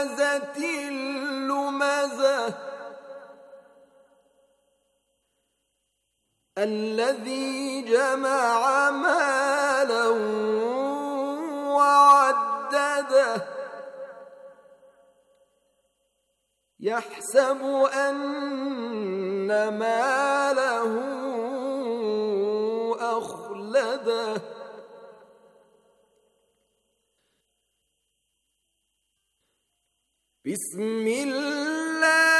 همزة لمزة الذي جمع مالا وعدده يحسب أن ماله بسم الله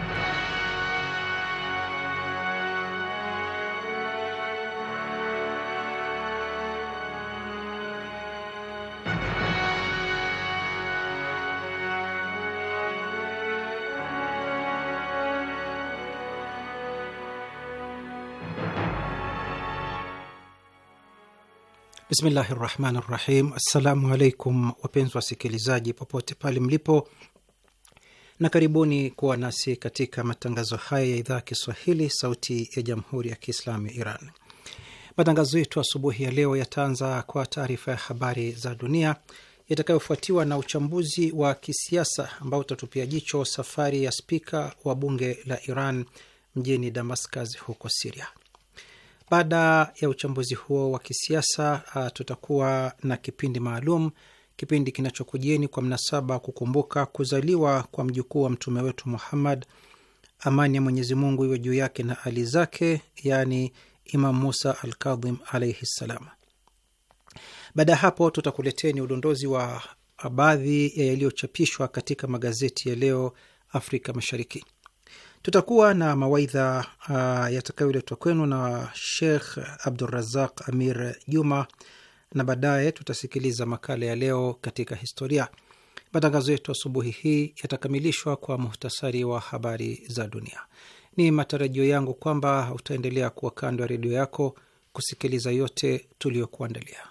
Bismillahi rahmani rahim. Assalamu alaikum wapenzi wasikilizaji popote pale mlipo, na karibuni kuwa nasi katika matangazo haya ya idhaa ya Kiswahili sauti ya jamhuri ya Kiislamu ya Iran. Matangazo yetu asubuhi ya leo yataanza kwa taarifa ya habari za dunia itakayofuatiwa na uchambuzi wa kisiasa ambao utatupia jicho safari ya spika wa bunge la Iran mjini Damascus huko Siria. Baada ya uchambuzi huo wa kisiasa, uh, tutakuwa na kipindi maalum, kipindi kinachokujieni kwa mnasaba kukumbuka kuzaliwa kwa mjukuu wa mtume wetu Muhammad, amani ya Mwenyezi Mungu iwe juu yake na ali zake, yaani Imam Musa Alkadhim alaihi ssalam. Baada ya hapo, tutakuleteni udondozi wa baadhi ya yaliyochapishwa katika magazeti ya leo Afrika Mashariki. Tutakuwa na mawaidha uh, yatakayoletwa kwenu na Shekh Abdurazaq Amir Juma, na baadaye tutasikiliza makala ya leo katika historia. Matangazo yetu asubuhi hii yatakamilishwa kwa muhtasari wa habari za dunia. Ni matarajio yangu kwamba utaendelea kuwa kando ya redio yako kusikiliza yote tuliyokuandalia.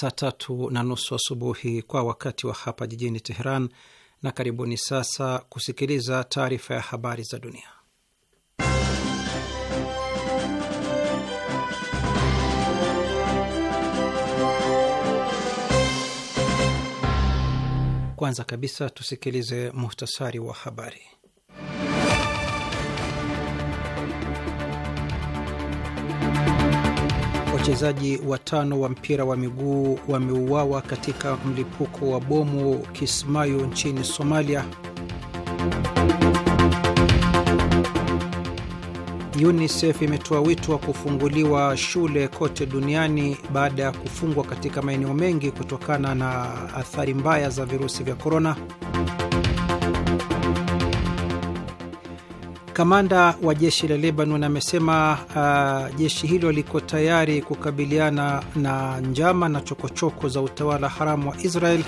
saa tatu na nusu asubuhi wa kwa wakati wa hapa jijini Teheran, na karibuni sasa kusikiliza taarifa ya habari za dunia. Kwanza kabisa tusikilize muhtasari wa habari. Wachezaji watano wa mpira wa miguu wameuawa katika mlipuko wa bomu Kismayo nchini Somalia. UNICEF imetoa wito wa kufunguliwa shule kote duniani baada ya kufungwa katika maeneo mengi kutokana na athari mbaya za virusi vya korona. Kamanda wa jeshi la Lebanon amesema uh, jeshi hilo liko tayari kukabiliana na njama na chokochoko choko za utawala haramu wa Israel.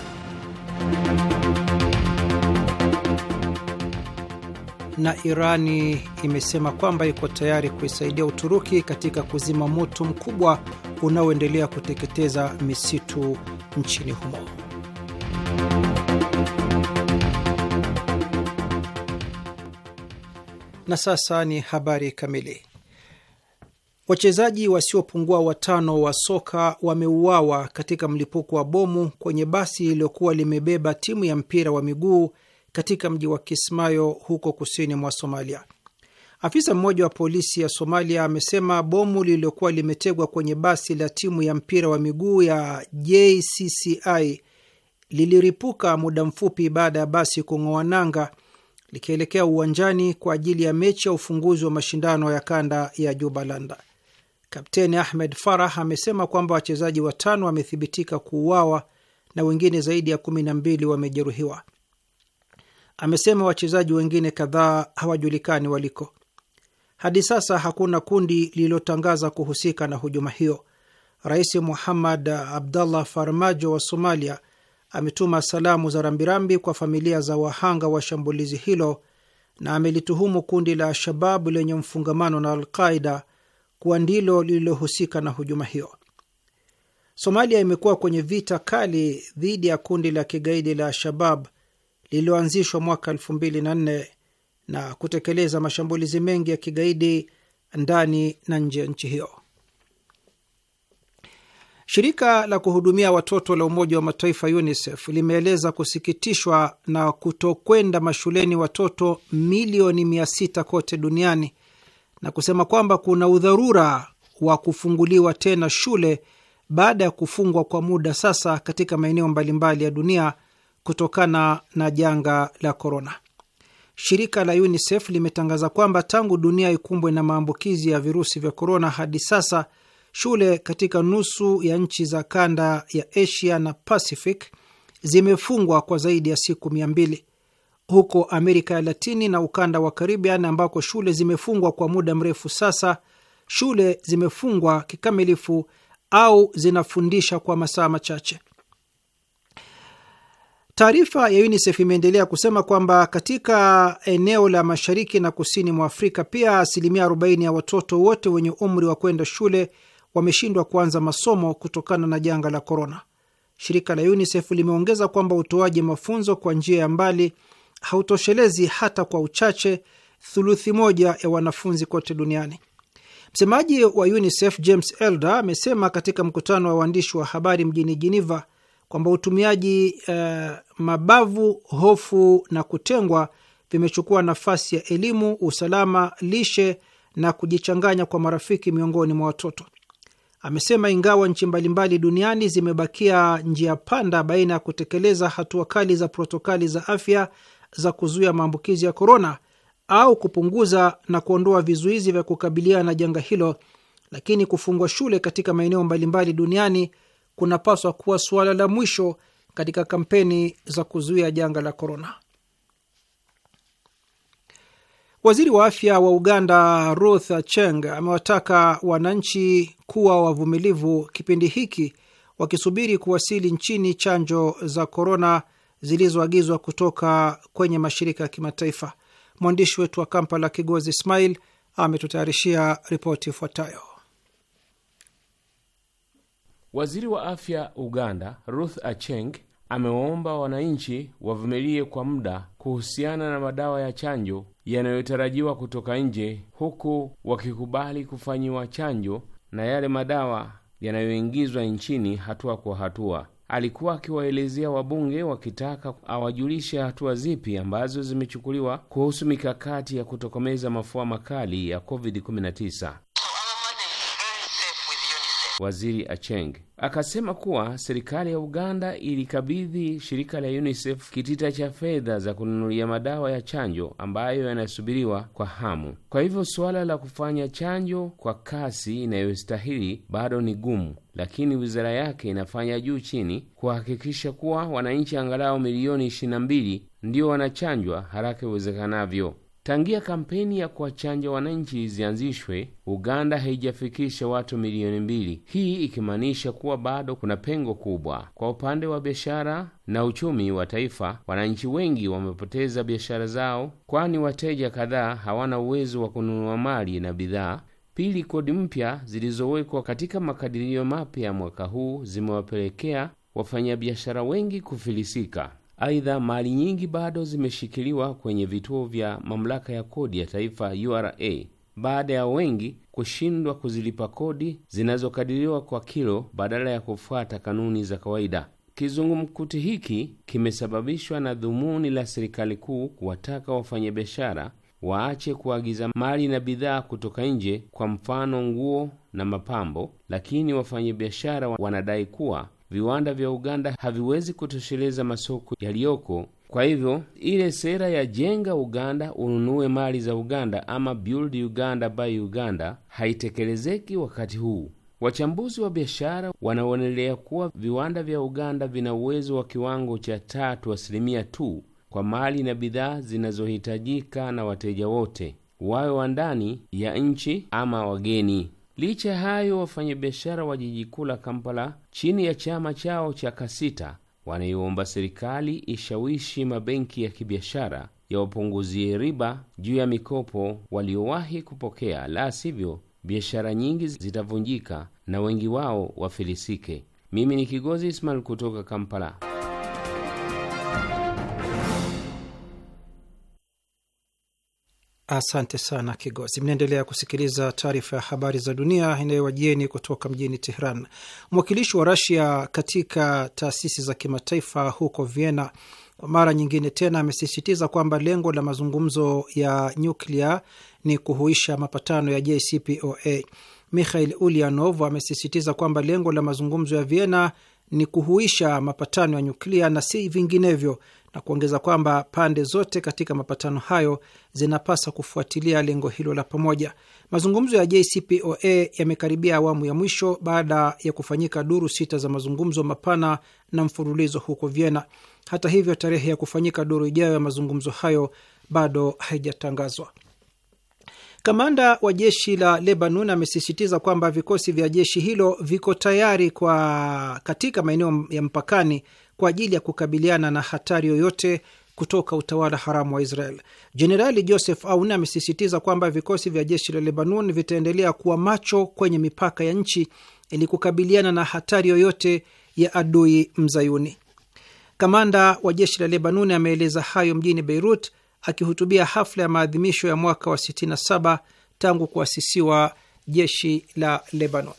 Na Irani imesema kwamba iko tayari kuisaidia Uturuki katika kuzima moto mkubwa unaoendelea kuteketeza misitu nchini humo. Na sasa ni habari kamili. Wachezaji wasiopungua watano wa soka wameuawa katika mlipuko wa bomu kwenye basi iliyokuwa limebeba timu ya mpira wa miguu katika mji wa Kismayo huko kusini mwa Somalia. Afisa mmoja wa polisi ya Somalia amesema bomu lililokuwa limetegwa kwenye basi la timu ya mpira wa miguu ya JCCI liliripuka muda mfupi baada ya basi kung'oa nanga likielekea uwanjani kwa ajili ya mechi ya ufunguzi wa mashindano ya kanda ya Jubalanda. Kapteni Ahmed Farah amesema kwamba wachezaji watano wamethibitika kuuawa na wengine zaidi ya kumi na mbili wamejeruhiwa. Amesema wachezaji wengine kadhaa hawajulikani waliko. Hadi sasa hakuna kundi lililotangaza kuhusika na hujuma hiyo. Rais Muhammad Abdallah Farmajo wa Somalia ametuma salamu za rambirambi kwa familia za wahanga wa shambulizi hilo na amelituhumu kundi la Shababu lenye mfungamano na Alqaida kuwa ndilo lililohusika na hujuma hiyo. Somalia imekuwa kwenye vita kali dhidi ya kundi la kigaidi la Shabab lililoanzishwa mwaka 24 na kutekeleza mashambulizi mengi ya kigaidi ndani na nje ya nchi hiyo. Shirika la kuhudumia watoto la Umoja wa Mataifa UNICEF limeeleza kusikitishwa na kutokwenda mashuleni watoto milioni sita kote duniani na kusema kwamba kuna udharura wa kufunguliwa tena shule baada ya kufungwa kwa muda sasa katika maeneo mbalimbali ya dunia kutokana na janga la korona. Shirika la UNICEF limetangaza kwamba tangu dunia ikumbwe na maambukizi ya virusi vya korona hadi sasa shule katika nusu ya nchi za kanda ya Asia na Pacific zimefungwa kwa zaidi ya siku mia mbili. Huko Amerika ya Latini na ukanda wa Caribbean ambako shule zimefungwa kwa muda mrefu sasa, shule zimefungwa kikamilifu au zinafundisha kwa masaa machache. Taarifa ya UNICEF imeendelea kusema kwamba katika eneo la mashariki na kusini mwa Afrika pia asilimia 40 ya watoto wote wenye umri wa kwenda shule wameshindwa kuanza masomo kutokana na janga la korona. Shirika la UNICEF limeongeza kwamba utoaji mafunzo kwa njia ya mbali hautoshelezi hata kwa uchache thuluthi moja ya wanafunzi kote duniani. Msemaji wa UNICEF James Elder amesema katika mkutano wa waandishi wa habari mjini Geneva kwamba utumiaji uh, mabavu, hofu na kutengwa vimechukua nafasi ya elimu, usalama, lishe na kujichanganya kwa marafiki miongoni mwa watoto. Amesema ingawa nchi mbalimbali duniani zimebakia njia panda baina ya kutekeleza hatua kali za protokali za afya za kuzuia maambukizi ya korona au kupunguza na kuondoa vizuizi vya kukabiliana na janga hilo, lakini kufungwa shule katika maeneo mbalimbali duniani kunapaswa kuwa suala la mwisho katika kampeni za kuzuia janga la korona. Waziri wa afya wa Uganda Ruth Acheng amewataka wananchi kuwa wavumilivu kipindi hiki wakisubiri kuwasili nchini chanjo za korona zilizoagizwa kutoka kwenye mashirika ya kimataifa. Mwandishi wetu wa Kampala Kigozi Ismail ametutayarishia ripoti ifuatayo. Waziri wa afya Uganda Ruth Acheng amewaomba wananchi wavumilie kwa muda kuhusiana na madawa ya chanjo yanayotarajiwa kutoka nje, huku wakikubali kufanyiwa chanjo na yale madawa yanayoingizwa nchini hatua kwa hatua. Alikuwa akiwaelezea wabunge wakitaka awajulishe hatua zipi ambazo zimechukuliwa kuhusu mikakati ya kutokomeza mafua makali ya COVID-19. Waziri Acheng akasema kuwa serikali ya Uganda ilikabidhi shirika la UNICEF kitita cha fedha za kununulia madawa ya chanjo ambayo yanasubiriwa kwa hamu. Kwa hivyo suala la kufanya chanjo kwa kasi inayostahili bado ni gumu, lakini wizara yake inafanya juu chini kuhakikisha kuwa wananchi angalau milioni 22 ndio wanachanjwa haraka iwezekanavyo. Tangia kampeni ya kuwachanja wananchi zianzishwe, Uganda haijafikisha watu milioni mbili, hii ikimaanisha kuwa bado kuna pengo kubwa kwa upande wa biashara na uchumi wa taifa. Wananchi wengi wamepoteza biashara zao, kwani wateja kadhaa hawana uwezo wa kununua mali na bidhaa. Pili, kodi mpya zilizowekwa katika makadirio mapya ya mwaka huu zimewapelekea wafanyabiashara wengi kufilisika. Aidha, mali nyingi bado zimeshikiliwa kwenye vituo vya mamlaka ya kodi ya taifa URA baada ya wengi kushindwa kuzilipa kodi zinazokadiriwa kwa kilo badala ya kufuata kanuni za kawaida. Kizungumkuti hiki kimesababishwa na dhumuni la serikali kuu kuwataka wafanyabiashara waache kuagiza mali na bidhaa kutoka nje, kwa mfano nguo na mapambo, lakini wafanyabiashara wanadai kuwa viwanda vya Uganda haviwezi kutosheleza masoko yaliyoko. Kwa hivyo ile sera ya jenga Uganda, ununue mali za Uganda ama build Uganda by Uganda haitekelezeki wakati huu. Wachambuzi wa biashara wanaonelea kuwa viwanda vya Uganda vina uwezo wa kiwango cha tatu asilimia tu kwa mali na bidhaa zinazohitajika na wateja wote, wawe wa ndani ya nchi ama wageni. Licha ya hayo, wafanyabiashara wa jiji kuu la Kampala chini ya chama chao cha Kasita wanaiomba serikali ishawishi mabenki ya kibiashara ya riba juu ya mikopo waliowahi kupokea, la sivyo biashara nyingi zitavunjika na wengi wao wafilisike. Mimi ni Kigozi Ismail kutoka Kampala. Asante sana Kigozi. Mnaendelea kusikiliza taarifa ya habari za dunia inayowajieni kutoka mjini Tehran. Mwakilishi wa Rasia katika taasisi za kimataifa huko Vienna mara nyingine tena amesisitiza kwamba lengo la mazungumzo ya nyuklia ni kuhuisha mapatano ya JCPOA. Mikhail ulianov amesisitiza kwamba lengo la mazungumzo ya Vienna ni kuhuisha mapatano ya nyuklia na si vinginevyo, na kuongeza kwamba pande zote katika mapatano hayo zinapaswa kufuatilia lengo hilo la pamoja. Mazungumzo ya JCPOA yamekaribia awamu ya mwisho baada ya kufanyika duru sita za mazungumzo mapana na mfululizo huko Vienna. Hata hivyo, tarehe ya kufanyika duru ijayo ya mazungumzo hayo bado haijatangazwa. Kamanda wa jeshi la Lebanon amesisitiza kwamba vikosi vya jeshi hilo viko tayari kwa katika maeneo ya mpakani kwa ajili ya kukabiliana na hatari yoyote kutoka utawala haramu wa Israel. Jenerali Joseph Aoun amesisitiza kwamba vikosi vya jeshi la Lebanon vitaendelea kuwa macho kwenye mipaka ya nchi ili kukabiliana na hatari yoyote ya adui mzayuni. Kamanda wa jeshi la Lebanon ameeleza hayo mjini Beirut akihutubia hafla ya maadhimisho ya mwaka wa 67 tangu kuasisiwa jeshi la Lebanon.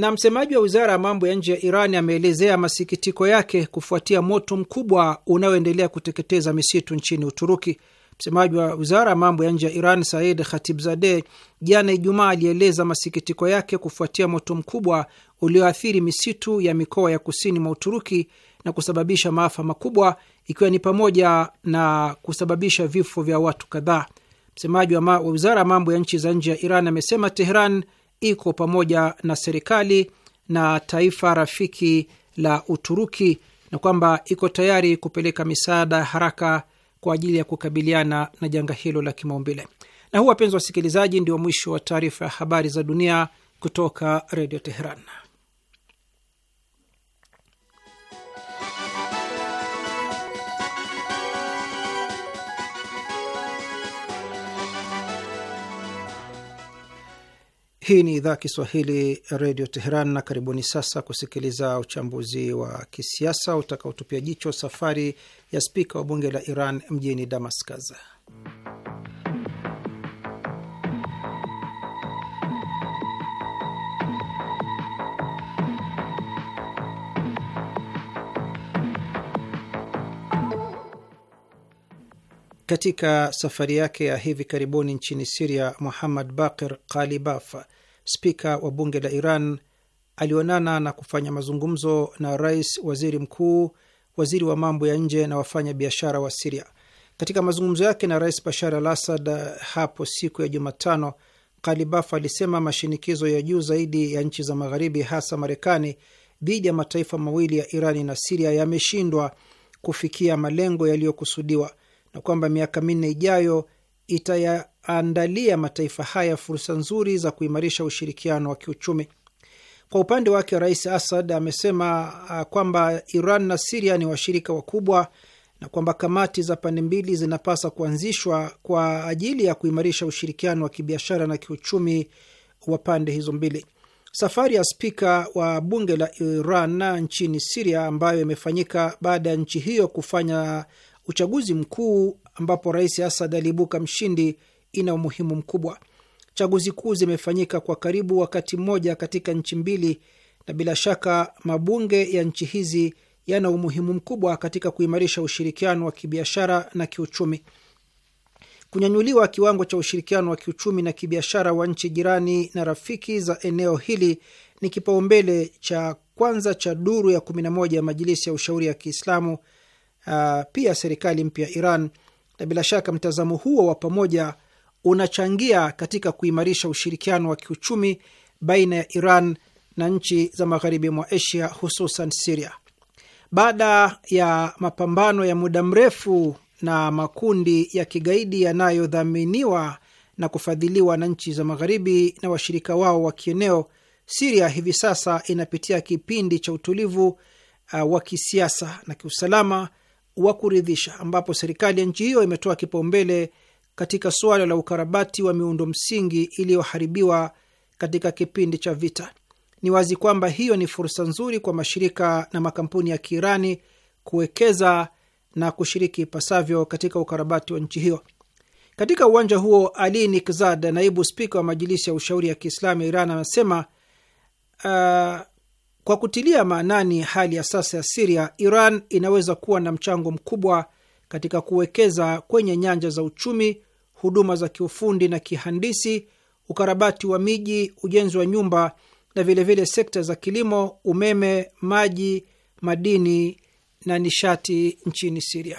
Na msemaji wa wizara ya mambo ya nje ya Iran ameelezea masikitiko yake kufuatia moto mkubwa unaoendelea kuteketeza misitu nchini Uturuki. Msemaji wa wizara ya mambo ya nje ya Iran Said Khatibzadeh jana Ijumaa alieleza masikitiko yake kufuatia moto mkubwa ulioathiri misitu ya mikoa ya kusini mwa Uturuki na kusababisha maafa makubwa, ikiwa ni pamoja na kusababisha vifo vya watu kadhaa. Msemaji wa wizara ya mambo ya nchi za nje ya Iran amesema Tehran iko pamoja na serikali na taifa rafiki la Uturuki na kwamba iko tayari kupeleka misaada ya haraka kwa ajili ya kukabiliana na janga hilo la kimaumbile. Na huu, wapenzi wasikilizaji, ndio mwisho wa taarifa ya habari za dunia kutoka Redio Teheran. Hii ni idhaa Kiswahili redio Teheran, na karibuni sasa kusikiliza uchambuzi wa kisiasa utakaotupia jicho safari ya spika wa bunge la Iran mjini Damascus. Katika safari yake ya hivi karibuni nchini Siria, Muhammad Bakir Kalibaf, spika wa bunge la Iran, alionana na kufanya mazungumzo na rais, waziri mkuu, waziri wa mambo ya nje na wafanya biashara wa Siria. Katika mazungumzo yake na rais Bashar al Assad hapo siku ya Jumatano, Kalibaf alisema mashinikizo ya juu zaidi ya nchi za Magharibi, hasa Marekani, dhidi ya mataifa mawili ya Irani na Siria yameshindwa kufikia malengo yaliyokusudiwa na kwamba miaka minne ijayo itayaandalia mataifa haya fursa nzuri za kuimarisha ushirikiano wa kiuchumi. Kwa upande wake, Rais Assad amesema ah, kwamba Iran na Siria ni washirika wakubwa na kwamba kamati za pande mbili zinapasa kuanzishwa kwa ajili ya kuimarisha ushirikiano wa kibiashara na kiuchumi wa pande hizo mbili. Safari ya spika wa bunge la Iran nchini Siria ambayo imefanyika baada ya nchi hiyo kufanya uchaguzi mkuu ambapo Rais Asad aliibuka mshindi ina umuhimu mkubwa. Chaguzi kuu zimefanyika kwa karibu wakati mmoja katika nchi mbili, na bila shaka mabunge ya nchi hizi yana umuhimu mkubwa katika kuimarisha ushirikiano wa kibiashara na kiuchumi. Kunyanyuliwa kiwango cha ushirikiano wa kiuchumi na kibiashara wa nchi jirani na rafiki za eneo hili ni kipaumbele cha kwanza cha duru ya 11 ya Majilisi ya Ushauri ya Kiislamu uh, pia serikali mpya ya Iran, na bila shaka mtazamo huo wa pamoja unachangia katika kuimarisha ushirikiano wa kiuchumi baina ya Iran na nchi za magharibi mwa Asia, hususan Siria. Baada ya mapambano ya muda mrefu na makundi ya kigaidi yanayodhaminiwa na kufadhiliwa na nchi za magharibi na washirika wao wa kieneo, Siria hivi sasa inapitia kipindi cha utulivu uh, wa kisiasa na kiusalama wa kuridhisha ambapo serikali ya nchi hiyo imetoa kipaumbele katika suala la ukarabati wa miundo msingi iliyoharibiwa katika kipindi cha vita. Ni wazi kwamba hiyo ni fursa nzuri kwa mashirika na makampuni ya Kiirani kuwekeza na kushiriki ipasavyo katika ukarabati wa nchi hiyo. Katika uwanja huo, Ali Nikzad, naibu spika wa Majilisi ya Ushauri ya Kiislamu ya Iran, amesema uh, kwa kutilia maanani hali ya sasa ya Siria, Iran inaweza kuwa na mchango mkubwa katika kuwekeza kwenye nyanja za uchumi, huduma za kiufundi na kihandisi, ukarabati wa miji, ujenzi wa nyumba na vilevile vile sekta za kilimo, umeme, maji, madini na nishati nchini Siria.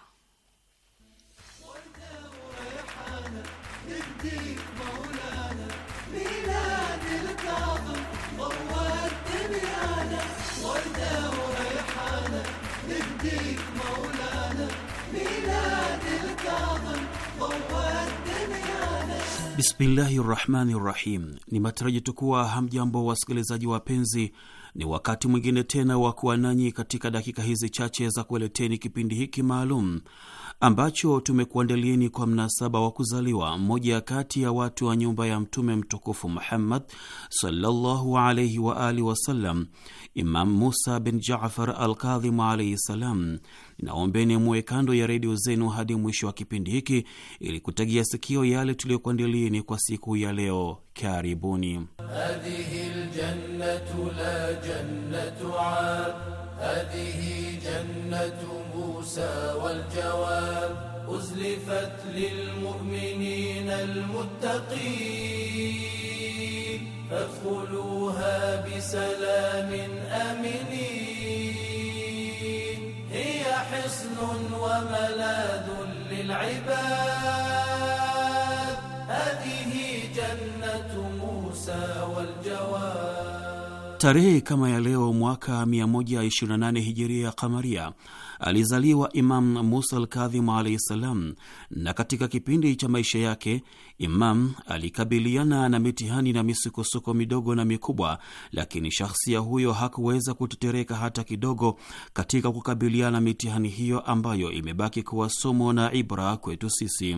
Bismillahi rahmani rahim. Ni matarajio tukuwa hamjambo wasikilizaji wapenzi ni wakati mwingine tena wa kuwa nanyi katika dakika hizi chache za kueleteni kipindi hiki maalum ambacho tumekuandalieni kwa mnasaba wa kuzaliwa mmoja ya kati ya watu wa nyumba ya Mtume mtukufu Muhammad sallallahu alaihi wa alihi wasallam, Imam Musa bin Jafar Alkadhimu alaihi salam. Naombeni muwe kando ya redio zenu hadi mwisho wa kipindi hiki ili kutegia sikio yale tuliyokuandalieni kwa siku ya leo. كاربوني هذه الجنة لا جنة عاد هذه جنة موسى والجواب أزلفت للمؤمنين المتقين فادخلوها بسلام آمنين هي حصن وملاذ للعباد Tarehe kama ya leo mwaka 128 hijiria ya kamaria alizaliwa Imam Musa Alkadhim alaihi ssalam, na katika kipindi cha maisha yake Imam alikabiliana na mitihani na misukosuko midogo na mikubwa, lakini shahsia huyo hakuweza kutetereka hata kidogo katika kukabiliana mitihani hiyo ambayo imebaki kuwa somo na ibra kwetu sisi.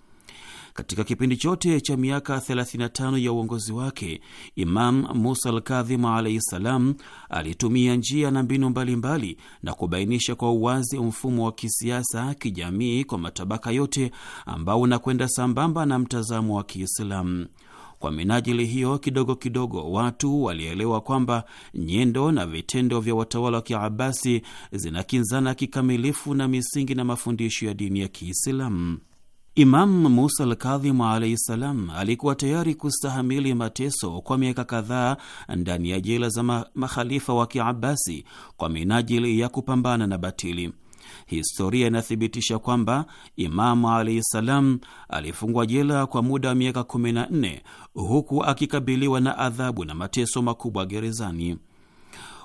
Katika kipindi chote cha miaka 35 ya uongozi wake, Imam Musa Alkadhimu alaihi ssalam alitumia njia na mbinu mbalimbali mbali, na kubainisha kwa uwazi mfumo wa kisiasa, kijamii kwa matabaka yote ambao unakwenda sambamba na mtazamo wa Kiislamu. Kwa minajili hiyo, kidogo kidogo watu walielewa kwamba nyendo na vitendo vya watawala wa Kiabasi zinakinzana kikamilifu na misingi na mafundisho ya dini ya Kiislamu. Imam Musa Alkadhimu alaihi ssalam alikuwa tayari kustahamili mateso kwa miaka kadhaa ndani ya jela za makhalifa wa Kiabasi kwa minajili ya kupambana na batili. Historia inathibitisha kwamba Imamu alaihi ssalam alifungwa jela kwa muda wa miaka 14 huku akikabiliwa na adhabu na mateso makubwa gerezani.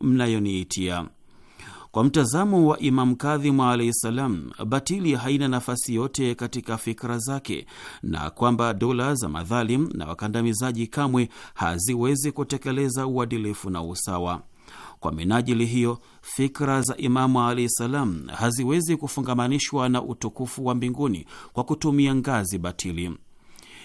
mnayoniitia. Kwa mtazamo wa Imam Kadhimu alaihi ssalam, batili haina nafasi yote katika fikra zake na kwamba dola za madhalim na wakandamizaji kamwe haziwezi kutekeleza uadilifu na usawa. Kwa minajili hiyo, fikra za Imamu alaihi ssalam haziwezi kufungamanishwa na utukufu wa mbinguni kwa kutumia ngazi batili.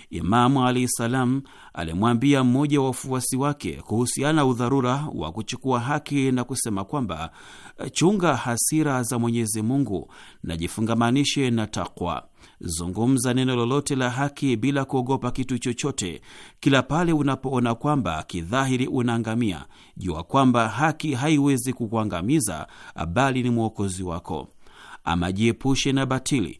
Imamu alahi salam alimwambia mmoja wa wafuasi wake kuhusiana udharura wa kuchukua haki na kusema kwamba chunga hasira za Mwenyezi Mungu na jifungamanishe na takwa. Zungumza neno lolote la haki bila kuogopa kitu chochote. Kila pale unapoona kwamba kidhahiri unaangamia, jua kwamba haki haiwezi kukuangamiza, bali ni mwokozi wako. Ama jiepushe na batili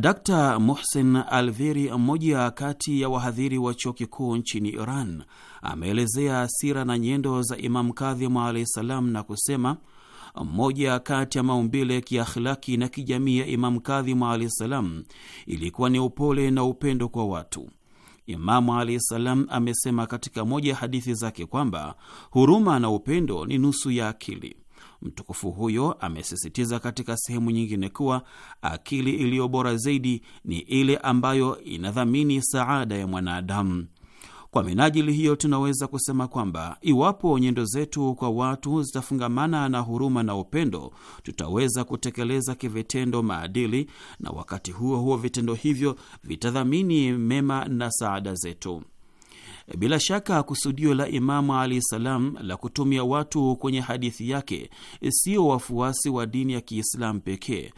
Dr Muhsin Alveri, mmoja kati ya wahadhiri wa chuo kikuu nchini Iran, ameelezea sira na nyendo za Imamu Kadhimu alahi salam na kusema mmoja kati ya maumbile ya kiakhlaki na kijamii ya Imamu Kadhimu alahi salam ilikuwa ni upole na upendo kwa watu. Imamu alahi salam amesema katika moja ya hadithi zake kwamba huruma na upendo ni nusu ya akili. Mtukufu huyo amesisitiza katika sehemu nyingine kuwa akili iliyo bora zaidi ni ile ambayo inadhamini saada ya mwanadamu. Kwa minajili hiyo, tunaweza kusema kwamba iwapo nyendo zetu kwa watu zitafungamana na huruma na upendo, tutaweza kutekeleza kivitendo maadili, na wakati huo huo vitendo hivyo vitadhamini mema na saada zetu. Bila shaka kusudio la Imamu alahi salam la kutumia watu kwenye hadithi yake sio wafuasi wa dini ya Kiislamu pekee,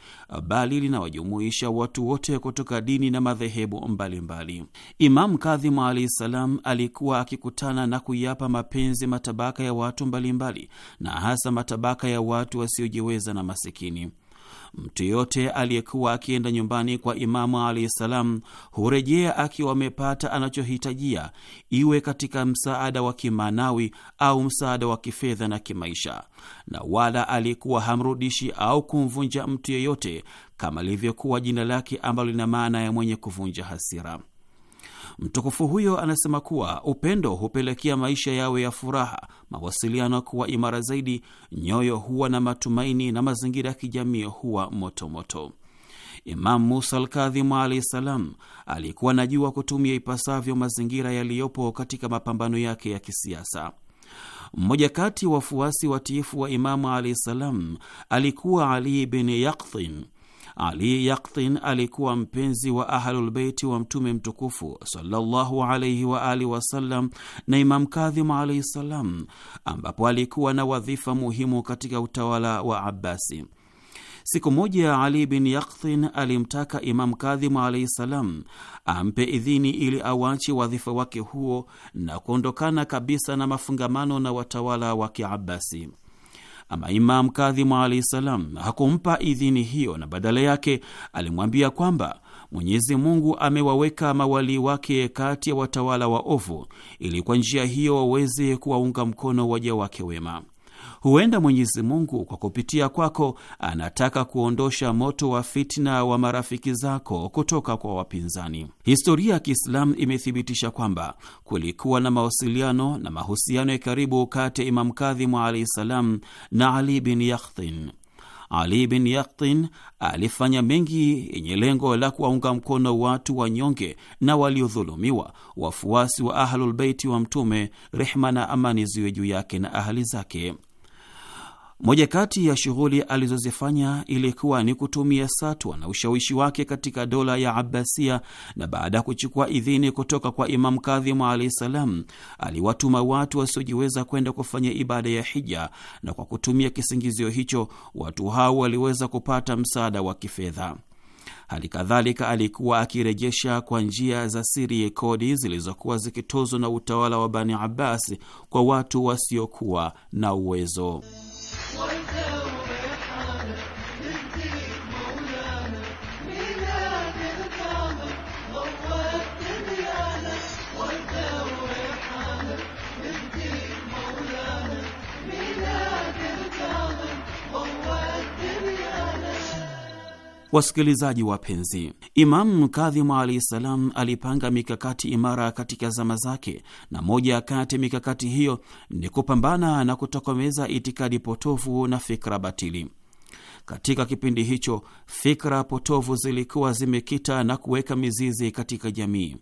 bali linawajumuisha watu wote kutoka dini na madhehebu mbalimbali. Imamu Kadhimu alahi salam alikuwa akikutana na kuyapa mapenzi matabaka ya watu mbalimbali mbali, na hasa matabaka ya watu wasiojiweza na masikini. Mtu yote aliyekuwa akienda nyumbani kwa Imamu alahi salam hurejea akiwa amepata anachohitajia, iwe katika msaada wa kimaanawi au msaada wa kifedha na kimaisha, na wala aliyekuwa hamrudishi au kumvunja mtu yeyote, kama lilivyokuwa jina lake ambalo lina maana ya mwenye kuvunja hasira. Mtukufu huyo anasema kuwa upendo hupelekea maisha yawe ya furaha, mawasiliano kuwa imara zaidi, nyoyo huwa na matumaini na mazingira ya kijamii huwa motomoto moto. Imam Musa Alkadhimu alahi salam alikuwa anajua kutumia ipasavyo mazingira yaliyopo katika mapambano yake ya kisiasa. Mmoja kati wafuasi watiifu wa Imamu alahi salam alikuwa Ali bin Yakdhin ali Yaktin alikuwa mpenzi wa Ahlulbeiti wa Mtume mtukufu sallallahu alaihi wa alihi wasallam na Imam Kadhim alaihi salam, ambapo alikuwa na wadhifa muhimu katika utawala wa Abbasi. Siku moja Ali bin Yakthin alimtaka Imam Kadhimu alaihi salam ampe idhini ili awache wadhifa wake huo na kuondokana kabisa na mafungamano na watawala wa Kiabasi. Ama Imam Kadhimu alaihi salam hakumpa idhini hiyo, na badala yake alimwambia kwamba Mwenyezi Mungu amewaweka mawalii wake kati ya watawala waovu, ili kwa njia hiyo waweze kuwaunga mkono waja wake wema. Huenda Mwenyezi Mungu kwa kupitia kwako anataka kuondosha moto wa fitna wa marafiki zako kutoka kwa wapinzani. Historia ya Kiislamu imethibitisha kwamba kulikuwa na mawasiliano na mahusiano ya karibu kati ya Imam Kadhimu alaihi salam na Ali bin Yakhtin. Ali bin Yakhtin alifanya mengi yenye lengo la kuwaunga mkono watu wanyonge na waliodhulumiwa, wafuasi wa Ahlulbeiti wa Mtume, rehma na amani ziwe juu yake na ahali zake. Moja kati ya shughuli alizozifanya ilikuwa ni kutumia satwa na ushawishi wake katika dola ya Abbasia, na baada ya kuchukua idhini kutoka kwa Imam Kadhimu alahi salam, aliwatuma watu wasiojiweza kwenda kufanya ibada ya hija, na kwa kutumia kisingizio hicho watu hao waliweza kupata msaada wa kifedha. Hali kadhalika alikuwa akirejesha kwa njia za siri kodi zilizokuwa zikitozwa na utawala wa Bani Abbas kwa watu wasiokuwa na uwezo. What do. Wasikilizaji wapenzi, Imamu Kadhimu alahi salam alipanga mikakati imara katika zama zake, na moja kati ya mikakati hiyo ni kupambana na kutokomeza itikadi potofu na fikra batili. Katika kipindi hicho fikra potofu zilikuwa zimekita na kuweka mizizi katika jamii.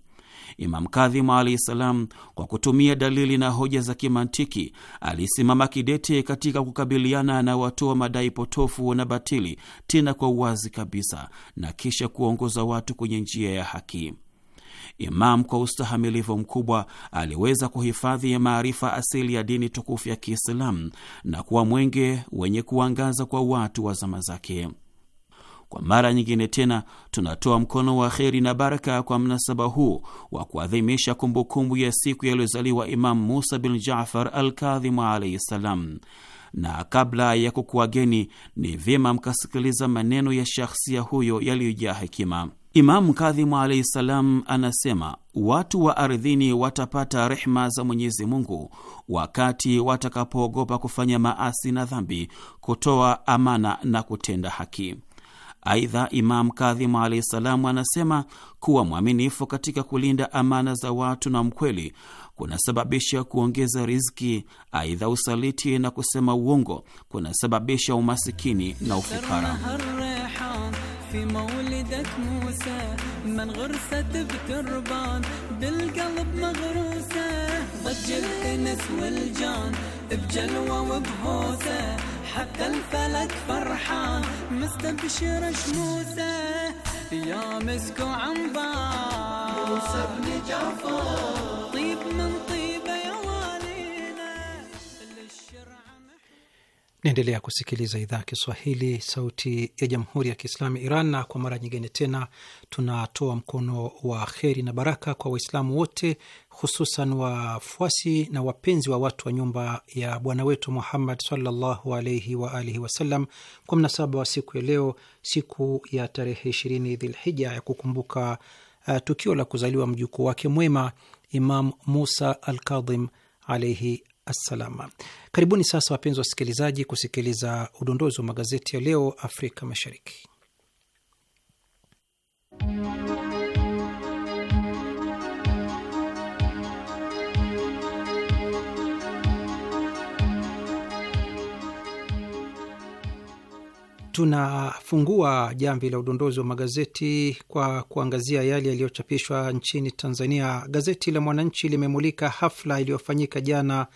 Imam Kadhim alahi salam, kwa kutumia dalili na hoja za kimantiki, alisimama kidete katika kukabiliana na watoa madai potofu na batili, tena kwa uwazi kabisa, na kisha kuongoza watu kwenye njia ya haki. Imam kwa ustahamilivu mkubwa aliweza kuhifadhi maarifa asili ya dini tukufu ya Kiislamu na kuwa mwenge wenye kuangaza kwa watu wa zama zake. Kwa mara nyingine tena tunatoa mkono wa kheri na baraka kwa mnasaba huu wa kuadhimisha kumbukumbu ya siku yaliyozaliwa Imam Musa bin Jafar Alkadhimu alaihi ssalam. Na kabla ya kukuwageni, ni vyema mkasikiliza maneno ya shakhsia huyo yaliyojaa hekima. Imamu Kadhimu alaihi ssalam anasema watu wa ardhini watapata rehma za Mwenyezi Mungu wakati watakapoogopa kufanya maasi na dhambi, kutoa amana na kutenda haki. Aidha, Imam Kadhimu alahi salamu anasema kuwa mwaminifu katika kulinda amana za watu na mkweli kunasababisha kuongeza riziki. Aidha, usaliti na kusema uongo kunasababisha umasikini na ufukara. ضج الانس والجان بجلوه وبهوسه حتى الفلك فرحان مستبشر شموسه يا مسكو عنبار موسى بن جعفر Naendelea kusikiliza idhaa ya Kiswahili, sauti ya jamhuri ya kiislamu Iran, na kwa mara nyingine tena tunatoa mkono wa kheri na baraka kwa Waislamu wote, hususan wafuasi na wapenzi wa watu wa nyumba ya bwana wetu Muhammad sallallahu alaihi wa alihi wasallam kwa mnasaba wa siku ya leo, siku ya tarehe ishirini Dhilhija, ya kukumbuka uh, tukio la kuzaliwa mjukuu wake mwema Imam Musa Alkadhim alaihi assalama. Karibuni sasa wapenzi wasikilizaji, kusikiliza udondozi wa magazeti ya leo Afrika Mashariki. Tunafungua jamvi la udondozi wa magazeti kwa kuangazia yale yaliyochapishwa nchini Tanzania. Gazeti la Mwananchi limemulika hafla iliyofanyika jana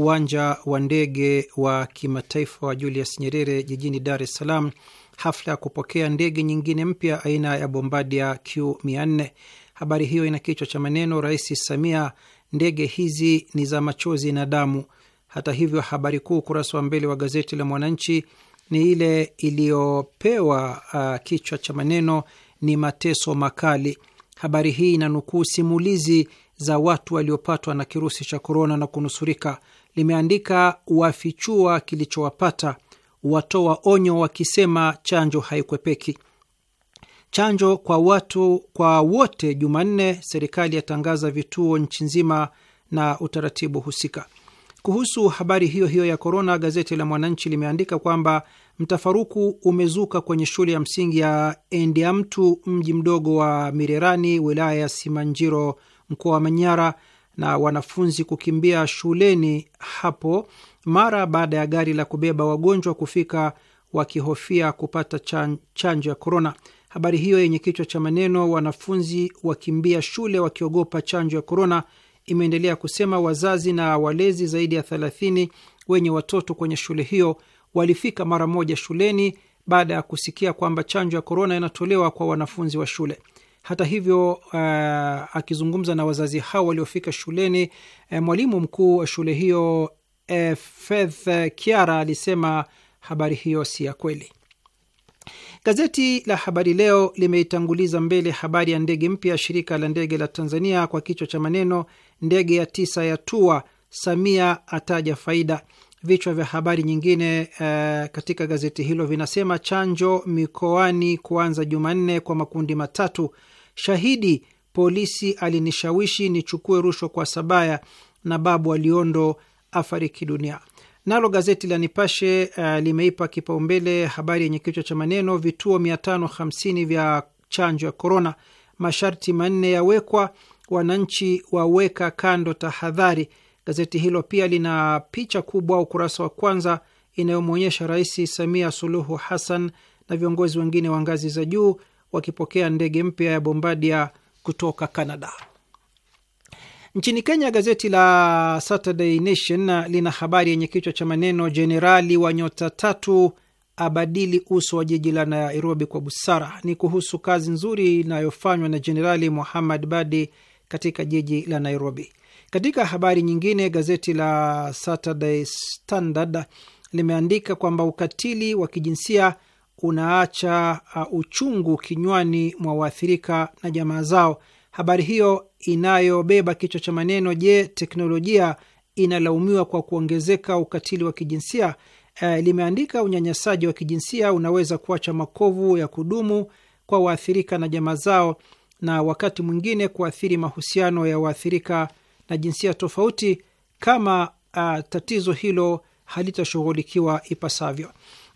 uwanja wa ndege wa kimataifa wa Julius Nyerere jijini Dar es Salaam hafla ya kupokea ndege nyingine mpya aina ya Bombardier Q400. Habari hiyo ina kichwa cha maneno Rais Samia, ndege hizi ni za machozi na damu. Hata hivyo, habari kuu ukurasa wa mbele wa gazeti la Mwananchi ni ile iliyopewa uh, kichwa cha maneno ni mateso makali. Habari hii inanukuu simulizi za watu waliopatwa na kirusi cha korona na kunusurika limeandika wafichua kilichowapata, watoa onyo wakisema chanjo haikwepeki. Chanjo kwa watu kwa wote, Jumanne serikali yatangaza vituo nchi nzima na utaratibu husika. Kuhusu habari hiyo hiyo ya korona, gazeti la Mwananchi limeandika kwamba mtafaruku umezuka kwenye shule ya msingi ya Endiamtu, mji mdogo wa Mirerani, wilaya ya Simanjiro, mkoa wa Manyara, na wanafunzi kukimbia shuleni hapo mara baada ya gari la kubeba wagonjwa kufika wakihofia kupata chan, chanjo ya korona. Habari hiyo yenye kichwa cha maneno wanafunzi wakimbia shule wakiogopa chanjo ya korona imeendelea kusema wazazi na walezi zaidi ya thelathini wenye watoto kwenye shule hiyo walifika mara moja shuleni baada ya kusikia kwamba chanjo ya korona inatolewa kwa wanafunzi wa shule. Hata hivyo, uh, akizungumza na wazazi hao waliofika shuleni, uh, mwalimu mkuu wa shule hiyo uh, Feth uh, Kiara alisema habari hiyo si ya kweli. Gazeti la Habari Leo limeitanguliza mbele habari ya ndege mpya ya shirika la ndege la Tanzania kwa kichwa cha maneno ndege ya tisa ya tua, Samia ataja faida. Vichwa vya habari nyingine uh, katika gazeti hilo vinasema chanjo mikoani kuanza Jumanne kwa makundi matatu Shahidi, polisi alinishawishi nichukue rushwa kwa Sabaya na babu Aliondo afariki dunia. Nalo gazeti la Nipashe uh, limeipa kipaumbele habari yenye kichwa cha maneno vituo 550 vya chanjo ya korona, masharti manne yawekwa, wananchi waweka kando tahadhari. Gazeti hilo pia lina picha kubwa ukurasa wa kwanza inayomwonyesha Rais Samia Suluhu Hassan na viongozi wengine wa ngazi za juu wakipokea ndege mpya ya bombadia kutoka Canada. Nchini Kenya, gazeti la Saturday Nation lina habari yenye kichwa cha maneno jenerali wa nyota tatu abadili uso wa jiji la Nairobi kwa busara. Ni kuhusu kazi nzuri inayofanywa na Jenerali Muhammad Badi katika jiji la Nairobi. Katika habari nyingine, gazeti la Saturday Standard limeandika kwamba ukatili wa kijinsia unaacha uh, uchungu kinywani mwa waathirika na jamaa zao. Habari hiyo inayobeba kichwa cha maneno je, teknolojia inalaumiwa kwa kuongezeka ukatili wa kijinsia e, limeandika unyanyasaji wa kijinsia unaweza kuacha makovu ya kudumu kwa waathirika na jamaa zao, na wakati mwingine kuathiri mahusiano ya waathirika na jinsia tofauti kama uh, tatizo hilo halitashughulikiwa ipasavyo.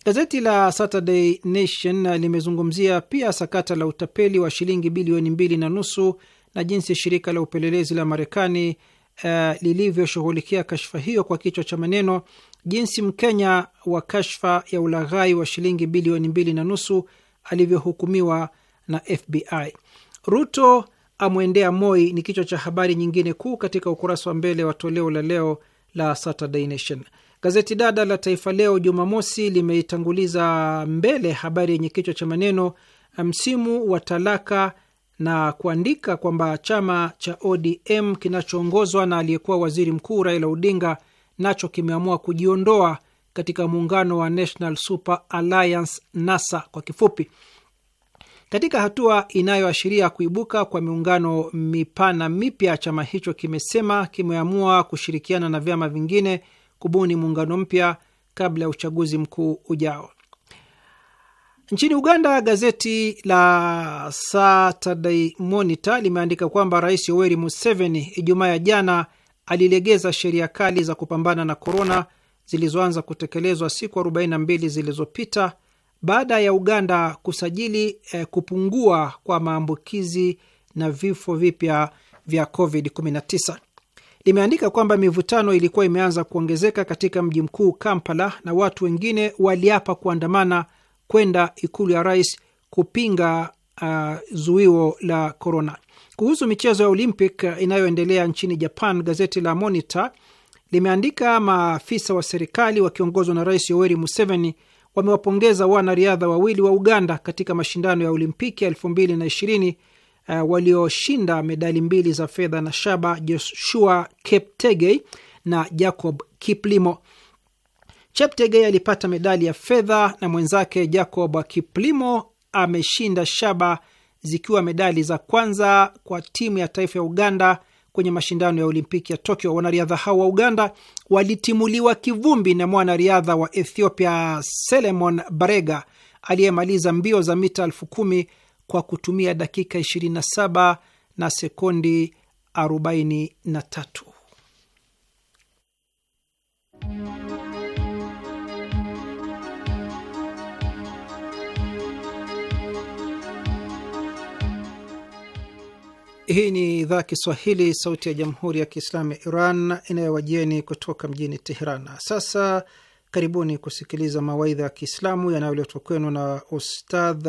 Gazeti la Saturday Nation limezungumzia pia sakata la utapeli wa shilingi bilioni mbili na nusu na jinsi shirika la upelelezi la Marekani uh, lilivyoshughulikia kashfa hiyo kwa kichwa cha maneno jinsi Mkenya wa kashfa ya ulaghai wa shilingi bilioni mbili na nusu alivyohukumiwa na FBI. Ruto amwendea Moi ni kichwa cha habari nyingine kuu katika ukurasa wa mbele wa toleo la leo la Saturday Nation. Gazeti dada la Taifa Leo Jumamosi limeitanguliza mbele habari yenye kichwa cha maneno msimu wa talaka na kuandika kwamba chama cha ODM kinachoongozwa na aliyekuwa waziri mkuu Raila Odinga nacho kimeamua kujiondoa katika muungano wa National Super Alliance, NASA kwa kifupi, katika hatua inayoashiria kuibuka kwa miungano mipana mipya. Chama hicho kimesema kimeamua kushirikiana na vyama vingine kubuni muungano mpya kabla ya uchaguzi mkuu ujao. Nchini Uganda, gazeti la Saturday Monitor limeandika kwamba Rais Yoweri Museveni Ijumaa ya jana alilegeza sheria kali za kupambana na korona zilizoanza kutekelezwa siku 42 zilizopita baada ya Uganda kusajili eh, kupungua kwa maambukizi na vifo vipya vya COVID-19 limeandika kwamba mivutano ilikuwa imeanza kuongezeka katika mji mkuu Kampala, na watu wengine waliapa kuandamana kwenda ikulu ya rais kupinga uh, zuio la korona. Kuhusu michezo ya Olympic uh, inayoendelea nchini Japan, gazeti la Monitor limeandika maafisa wa serikali wakiongozwa na Rais Yoweri Museveni wamewapongeza wanariadha wawili wa Uganda katika mashindano ya Olimpiki ya elfu mbili na ishirini uh, walioshinda medali mbili za fedha na shaba, Joshua Cheptegei na Jacob Kiplimo. Cheptegei alipata medali ya fedha na mwenzake Jacob Kiplimo ameshinda shaba, zikiwa medali za kwanza kwa timu ya taifa ya Uganda kwenye mashindano ya Olimpiki ya Tokyo. Wanariadha hao wa Uganda walitimuliwa kivumbi na mwanariadha wa Ethiopia Selemon Barega aliyemaliza mbio za mita elfu kumi kwa kutumia dakika 27 na sekundi 43. Hii ni idhaa Kiswahili, sauti ya jamhuri ya kiislamu ya Iran inayowajieni kutoka mjini Teheran. Sasa karibuni kusikiliza mawaidha ya Kiislamu yanayoletwa kwenu na Ustadh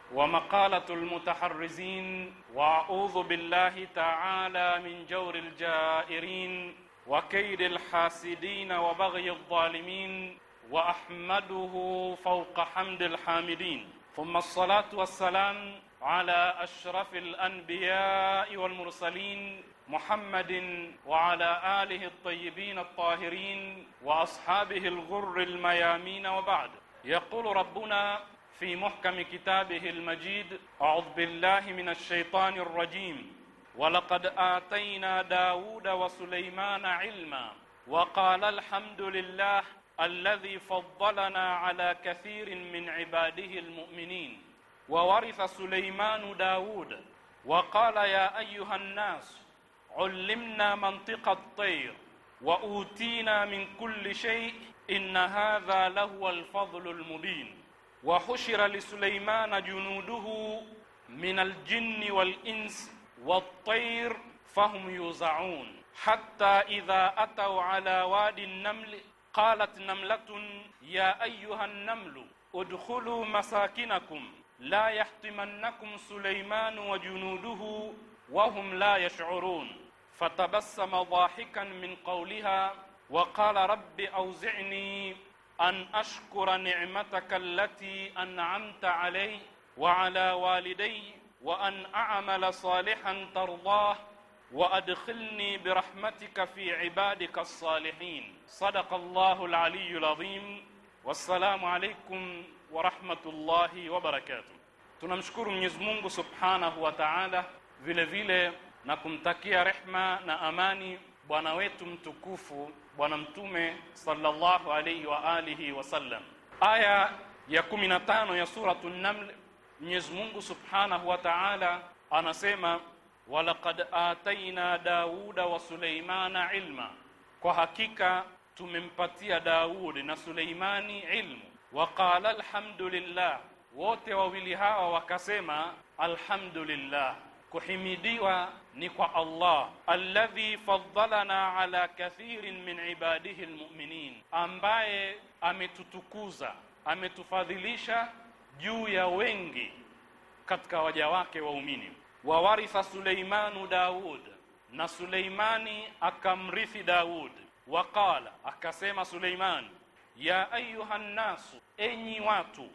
ومقالة المتحرزين وأعوذ بالله تعالى من جور الجائرين وكيد الحاسدين وبغي الظالمين وأحمده فوق حمد الحامدين ثم الصلاة والسلام على أشرف الأنبياء والمرسلين محمد وعلى آله الطيبين الطاهرين وأصحابه الغر الميامين وبعد يقول ربنا في محكم كتابه المجيد أعوذ بالله من الشيطان الرجيم ولقد آتينا داود وسليمان علما وقال الحمد لله الذي فضلنا على كثير من عباده المؤمنين وورث سليمان داود وقال يا أيها الناس علمنا منطق الطير وأوتينا من كل شيء إن هذا لهو الفضل المبين وحشر لسليمان جنوده من الجن والإنس والطير فهم يوزعون حتى إذا أتوا على وادي النمل قالت نملة يا أيها النمل ادخلوا مساكنكم لا يحطمنكم سليمان وجنوده وهم لا يشعرون فتبسم ضاحكا من قولها وقال رب أوزعني أن أشكر نعمتك التي أنعمت علي وعلى والدي وأن أعمل صالحا ترضاه وأدخلني برحمتك في عبادك الصالحين صدق الله العلي العظيم والسلام عليكم ورحمة الله وبركاته تنمشكر من mungu subhanahu wa taala vile vile na kumtakia rehma na amani bwana mtume sallallahu alayhi wa alihi wasallam aya ya 15 ya suratul naml Mwenyezi Mungu subhanahu wa ta'ala anasema walaqad atayna Dauda wa Suleimana ilma kwa hakika tumempatia Daudi na Suleimani ilmu waqala alhamdulillah wote wawili hawa wakasema alhamdulillah kuhimidiwa ni kwa Allah alladhi faddalana ala kathirin min ibadihi almu'minin, ambaye ametutukuza ametufadhilisha juu ya wengi katika waja wake waumini. Wa waritha Suleimanu Daud, na Suleimani akamrithi Daud. Waqala, akasema Suleiman, ya ayuha nnasu, enyi watu,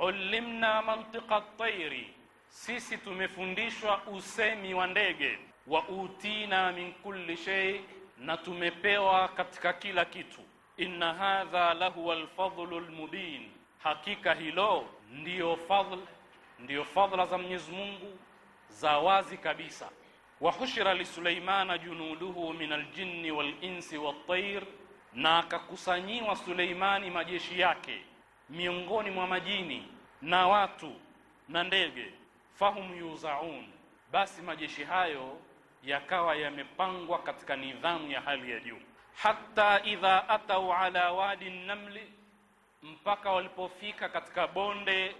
ulimna mantiqa tairi sisi tumefundishwa usemi wa ndege wa utina min kulli shay na tumepewa katika kila kitu inna hadha lahu alfadlu lmubin hakika hilo ndiyo fadhl ndiyo fadhla za Mwenyezi Mungu za wazi kabisa wahushira lisuleimana junuduhu min aljinni walinsi waltair na akakusanyiwa Suleimani majeshi yake miongoni mwa majini na watu na ndege fahum yuzaun, basi majeshi hayo yakawa yamepangwa katika nidhamu ya hali ya juu. Hatta idha atau ala wadi namli, mpaka walipofika katika bonde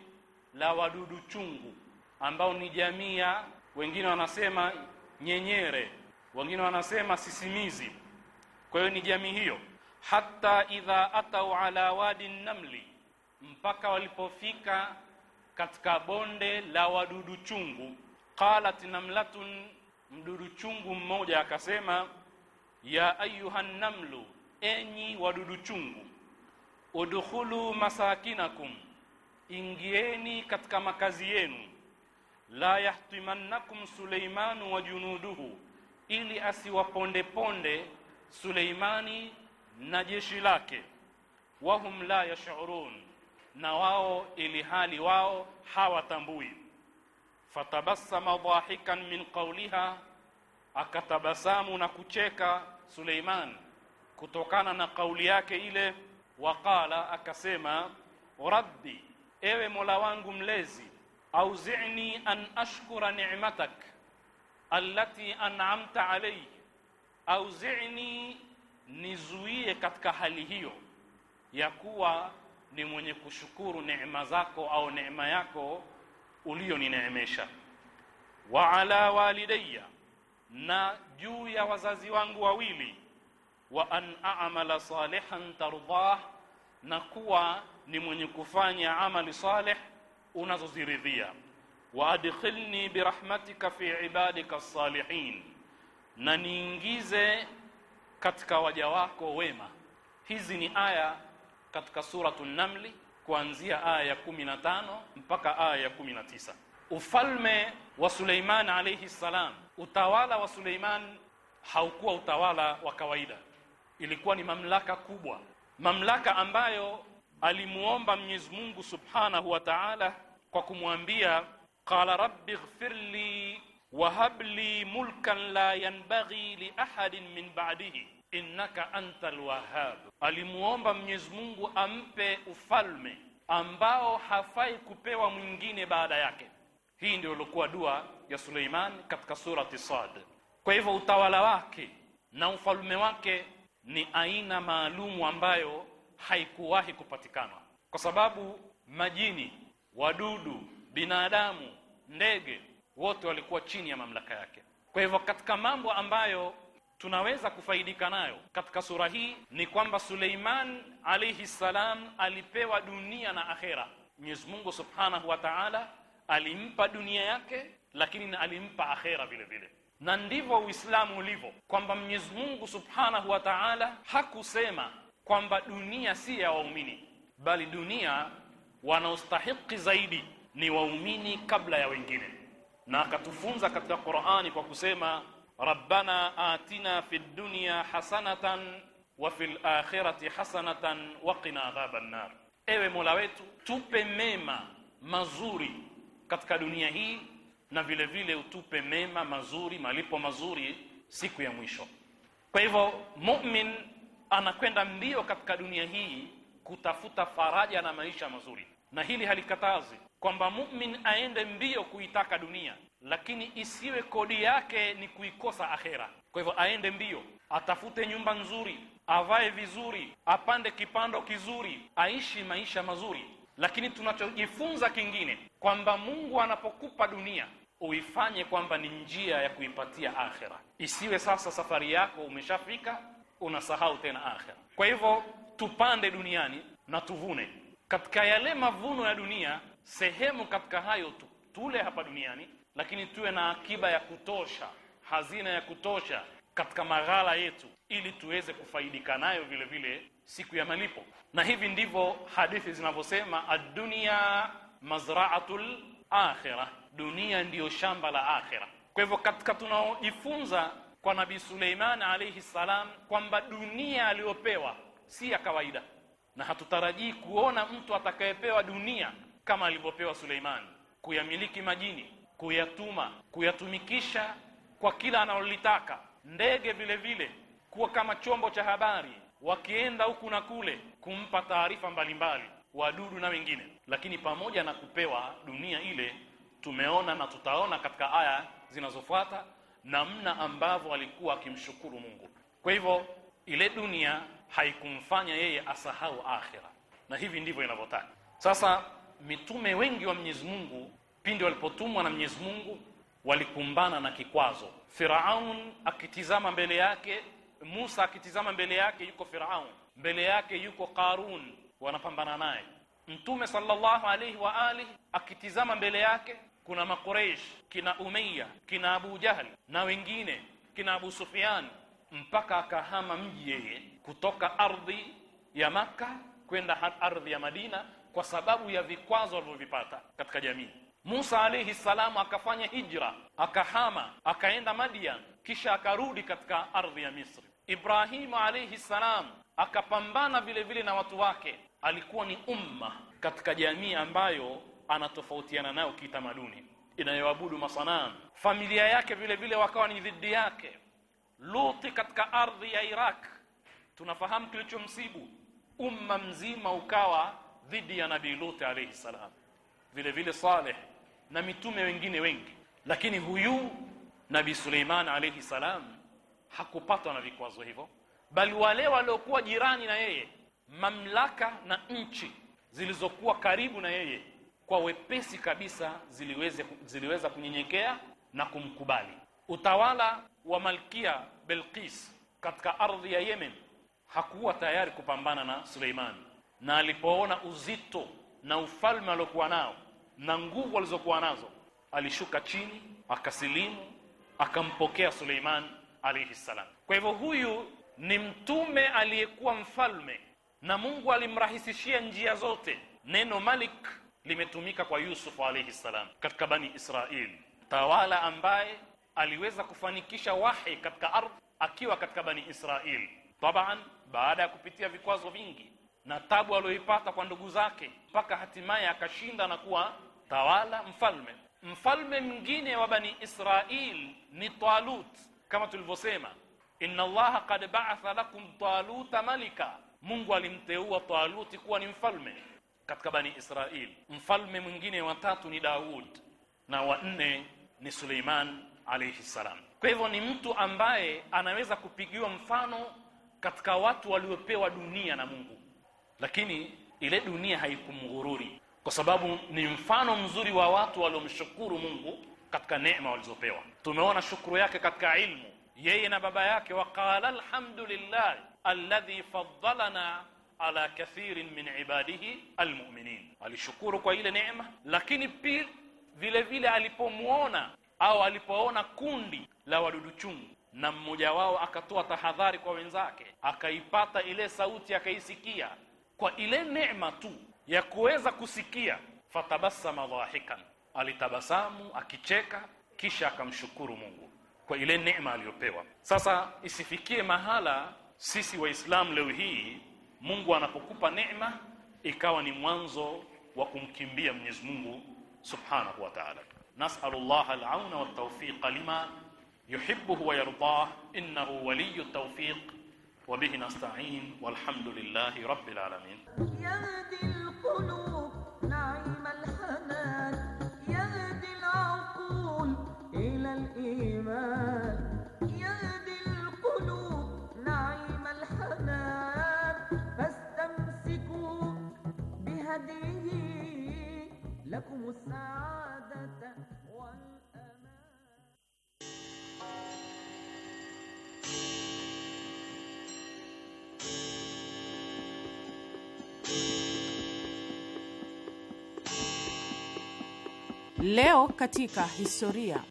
la wadudu chungu ambao ni jamii ya wengine wanasema nyenyere, wengine wanasema sisimizi. Kwa hiyo ni jamii hiyo. Hatta idha atau ala wadi namli, mpaka walipofika katika bonde la wadudu chungu qalat namlatun mdudu chungu mmoja akasema ya ayuhan namlu enyi wadudu chungu udkhulu masakinakum ingieni katika makazi yenu la yahtimannakum suleimanu wa junuduhu ili asiwaponde ponde suleimani na jeshi lake wahum la yashurun na wao ili hali wao hawatambui fatabassama dhahikan min qawliha akatabasamu na kucheka Suleiman kutokana na kauli yake ile waqala akasema rabbi ewe mola wangu mlezi auzi'ni an ashkura ni'matak allati an'amta alayhi auzi'ni nizuie katika hali hiyo ya kuwa ni mwenye kushukuru neema zako au neema yako ulioninemesha Wa ala walidayya, na juu ya wazazi wangu wawili. Wa an amala salihan tardah, na kuwa ni mwenye kufanya amali saleh unazoziridhia. Wa adkhilni birahmatika fi ibadika salihin, na niingize katika waja wako wema. Hizi ni aya katika suratu Namli kuanzia aya ya 15 mpaka aya ya 19. Ufalme wa Suleiman alayhi salam, utawala wa Suleiman haukuwa utawala wa kawaida, ilikuwa ni mamlaka kubwa, mamlaka ambayo alimuomba Mwenyezi Mungu Subhanahu wa Ta'ala kwa kumwambia qala rabbi ighfirli wahabli mulkan la yanbaghi li min baadihi innaka anta lwahab alimuomba Mwenyezi Mungu ampe ufalme ambao hafai kupewa mwingine baada yake. Hii ndio ilikuwa dua ya Suleiman katika surati Sad. Kwa hivyo utawala wake na ufalme wake ni aina maalumu ambayo haikuwahi kupatikana, kwa sababu majini, wadudu, binadamu, ndege wote walikuwa chini ya mamlaka yake. Kwa hivyo katika mambo ambayo tunaweza kufaidika nayo katika sura hii ni kwamba Suleiman alayhi salam alipewa dunia na akhera. Mwenyezi Mungu Subhanahu wa Ta'ala alimpa dunia yake, lakini na alimpa akhera vile vile, na ndivyo Uislamu ulivyo kwamba Mwenyezi Mungu Subhanahu wa Ta'ala hakusema kwamba dunia si ya waumini, bali dunia wanaostahiki zaidi ni waumini kabla ya wengine, na akatufunza katika Qur'ani kwa kusema rabbana atina fi dunya hasanatan wa fil akhirati hasanatan wa qina adhaban nar, ewe Mola wetu tupe mema mazuri katika dunia hii na vile vile utupe mema mazuri, malipo mazuri siku ya mwisho. Kwa hivyo mumin anakwenda mbio katika dunia hii kutafuta faraja na maisha mazuri, na hili halikatazi kwamba mumin aende mbio kuitaka dunia, lakini isiwe kodi yake ni kuikosa akhera. Kwa hivyo aende mbio, atafute nyumba nzuri, avae vizuri, apande kipando kizuri, aishi maisha mazuri. Lakini tunachojifunza kingine kwamba Mungu anapokupa dunia uifanye kwamba ni njia ya kuipatia akhera, isiwe sasa safari yako umeshafika unasahau tena akhera. Kwa hivyo tupande duniani na tuvune katika yale mavuno ya dunia, sehemu katika hayo tule hapa duniani lakini tuwe na akiba ya kutosha, hazina ya kutosha katika maghala yetu, ili tuweze kufaidika nayo vile vile siku ya malipo. Na hivi ndivyo hadithi zinavyosema, ad-dunya mazra'atul akhirah, dunia ndiyo shamba la akhira. Kwa hivyo katika tunaojifunza kwa nabi Suleiman alayhi salam kwamba dunia aliyopewa si ya kawaida, na hatutarajii kuona mtu atakayepewa dunia kama alivyopewa Suleiman, kuyamiliki majini kuyatuma, kuyatumikisha kwa kila analolitaka. Ndege vile vile kuwa kama chombo cha habari, wakienda huku na kule kumpa taarifa mbalimbali wadudu na wengine. Lakini pamoja na kupewa dunia ile, tumeona na tutaona katika aya zinazofuata namna ambavyo alikuwa akimshukuru Mungu. Kwa hivyo ile dunia haikumfanya yeye asahau akhira, na hivi ndivyo inavyotaka. Sasa mitume wengi wa Mwenyezi Mungu pindi walipotumwa na Mwenyezi Mungu walikumbana na kikwazo. Firaun akitizama mbele yake, Musa akitizama mbele yake, yuko Firaun mbele yake, yuko Qarun, wanapambana naye. Mtume sallallahu alayhi wa alihi akitizama mbele yake, kuna Makureish, kina Umayya, kina Abu Jahli na wengine, kina Abu Sufyan, mpaka akahama mji yeye kutoka ardhi ya Makka kwenda ardhi ya Madina kwa sababu ya vikwazo alivyovipata katika jamii. Musa alayhi salamu akafanya hijra, akahama, akaenda Madian, kisha akarudi katika ardhi ya Misri. Ibrahimu alayhi salam akapambana vile vile na watu wake. Alikuwa ni umma katika jamii ambayo anatofautiana nayo kitamaduni, inayoabudu masanamu. Familia yake vile vile wakawa ni dhidi yake. Luti katika ardhi ya Iraq, tunafahamu kilichomsibu, umma mzima ukawa dhidi ya Nabii Luti alayhi salam, vile vile Saleh na mitume wengine wengi lakini huyu nabii Suleiman alayhi salam hakupatwa na vikwazo hivyo bali wale waliokuwa jirani na yeye mamlaka na nchi zilizokuwa karibu na yeye kwa wepesi kabisa ziliweze, ziliweza kunyenyekea na kumkubali utawala wa malkia belkis katika ardhi ya Yemen hakuwa tayari kupambana na Suleiman na alipoona uzito na ufalme aliokuwa nao na nguvu alizokuwa nazo, alishuka chini akasilimu, akampokea Suleiman alayhi salam. Kwa hivyo huyu ni mtume aliyekuwa mfalme na Mungu alimrahisishia njia zote. Neno malik limetumika kwa Yusuf alayhi salam katika Bani Israeli, tawala ambaye aliweza kufanikisha wahi katika ardhi akiwa katika Bani Israeli, taban baada ya kupitia vikwazo vingi na tabu aliyoipata kwa ndugu zake, mpaka hatimaye akashinda na kuwa tawala mfalme mfalme mwingine wa bani israil ni talut kama tulivyosema inna allaha qad ba'atha lakum taluta malika mungu alimteua taluti kuwa ni mfalme katika bani israil mfalme mwingine wa tatu ni daud na wa nne ni suleiman alayhi salam kwa hivyo ni mtu ambaye anaweza kupigiwa mfano katika watu waliopewa dunia na mungu lakini ile dunia haikumghururi kwa sababu ni mfano mzuri wa watu waliomshukuru Mungu katika neema walizopewa. Tumeona shukuru yake katika ilmu, yeye na baba yake. Waqala alhamdulillah alladhi faddalana ala kathirin min ibadihi almuminin, alishukuru kwa ile neema, lakini pia vile vile alipomwona au alipoona kundi la wadudu chungu na mmoja wao akatoa tahadhari kwa wenzake, akaipata ile sauti, akaisikia kwa ile neema tu ya kuweza kusikia fatabasama dhahikan alitabasamu akicheka kisha akamshukuru Mungu kwa ile neema aliyopewa sasa isifikie mahala sisi waislamu leo hii Mungu anapokupa neema ikawa ni mwanzo wa kumkimbia Mwenyezi Mungu Subhanahu wa Ta'ala nas'alullah al-auna wat lima yuhibbuhu wa yardah innahu waliyyu tawfiq وبه نستعين والحمد لله رب العالمين يهدي القلوب نعيم الحنان يهدي العقول إلى الإيمان يهدي القلوب نعيم الحنان فاستمسكوا بهديه لكم السعادة Leo katika historia.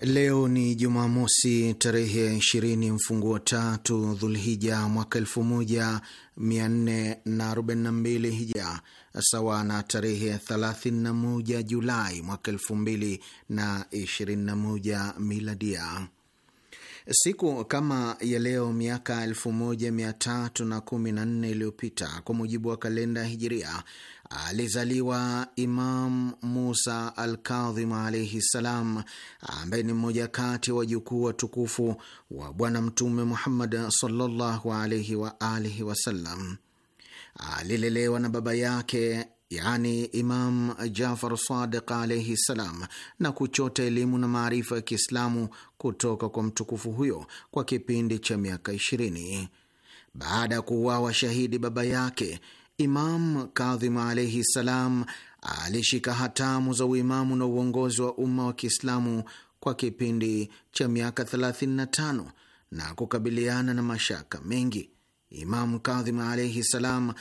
Leo ni Jumamosi tarehe 20 mfunguo tatu Dhulhija mwaka 1442 Hija, sawa na tarehe 31 Julai mwaka el221 Miladia. Siku kama ya leo miaka 1314 iliyopita kwa mujibu wa kalenda Hijiria, alizaliwa Imam Musa Alkadhim alaihi ssalam, ambaye ni mmoja kati wa jukuu tukufu wa Bwana Mtume Muhammad sallallahu alaihi waalihi wasallam. Alilelewa na baba yake yani Imam Jafar Sadiq alaihi ssalam, na kuchota elimu na maarifa ya Kiislamu kutoka kwa mtukufu huyo kwa kipindi cha miaka 20. Baada ya kuuawa shahidi baba yake, Imam Kadhim alaihi ssalam alishika hatamu za uimamu na uongozi wa umma wa Kiislamu kwa kipindi cha miaka 35 na kukabiliana na mashaka mengi. Imamu Kadhim alaihi salam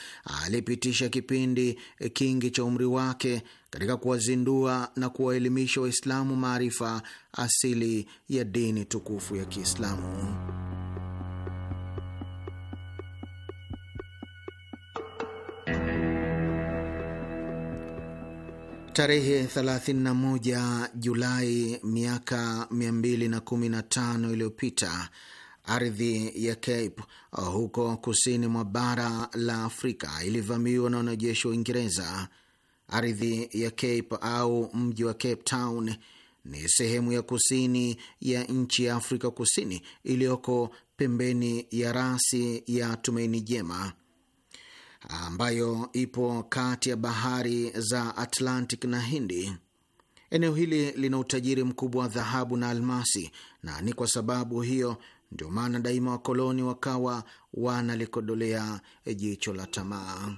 alipitisha kipindi kingi cha umri wake katika kuwazindua na kuwaelimisha Waislamu maarifa asili ya dini tukufu ya Kiislamu. Tarehe 31 Julai miaka 215 iliyopita Ardhi ya Cape uh, huko kusini mwa bara la Afrika ilivamiwa na wanajeshi wa Uingereza. Ardhi ya Cape au mji wa Cape Town ni sehemu ya kusini ya nchi ya Afrika Kusini iliyoko pembeni ya rasi ya Tumaini Jema ambayo ipo kati ya bahari za Atlantic na Hindi. Eneo hili lina utajiri mkubwa wa dhahabu na almasi, na ni kwa sababu hiyo ndio maana daima wakoloni wakawa wanalikodolea jicho la tamaa.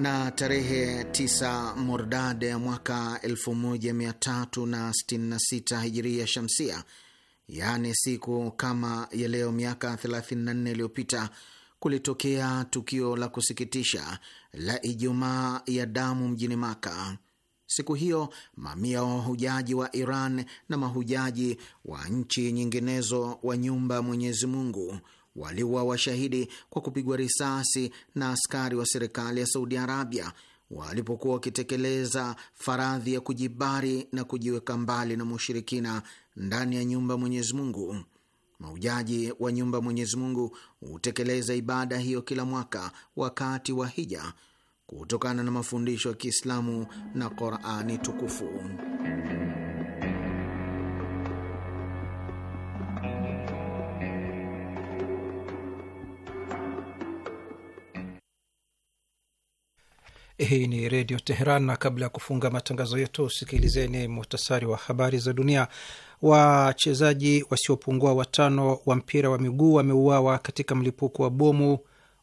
na tarehe 9 Mordad ya mwaka 1366 hijiria shamsia, yaani siku kama ya leo miaka 34 iliyopita kulitokea tukio la kusikitisha la Ijumaa ya damu mjini Maka. Siku hiyo mamia wa wahujaji wa Iran na mahujaji wa nchi nyinginezo wa nyumba ya Mwenyezi Mungu waliuwa washahidi kwa kupigwa risasi na askari wa serikali ya Saudi Arabia walipokuwa wakitekeleza faradhi ya kujibari na kujiweka mbali na mushirikina ndani ya nyumba ya Mwenyezi Mungu. Maujaji wa nyumba Mwenyezi Mungu hutekeleza ibada hiyo kila mwaka wakati wa hija kutokana na mafundisho ya Kiislamu na Qorani tukufu. Hii ni Redio Teheran, na kabla ya kufunga matangazo yetu, sikilizeni muhtasari wa habari za dunia wachezaji wasiopungua watano wa mpira wa miguu wameuawa katika mlipuko wa bomu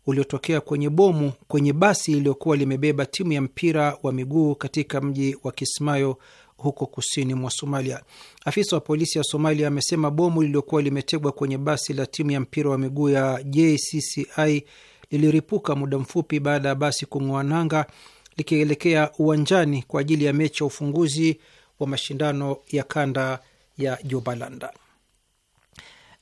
uliotokea kwenye bomu kwenye basi iliyokuwa limebeba timu ya mpira wa miguu katika mji wa Kismayo huko kusini mwa Somalia. Afisa wa polisi ya Somalia amesema bomu lililokuwa limetegwa kwenye basi la timu ya mpira wa miguu ya JCCI liliripuka muda mfupi baada ya basi kung'oa nanga likielekea uwanjani kwa ajili ya mechi ya ufunguzi wa mashindano ya kanda ya Jubaland.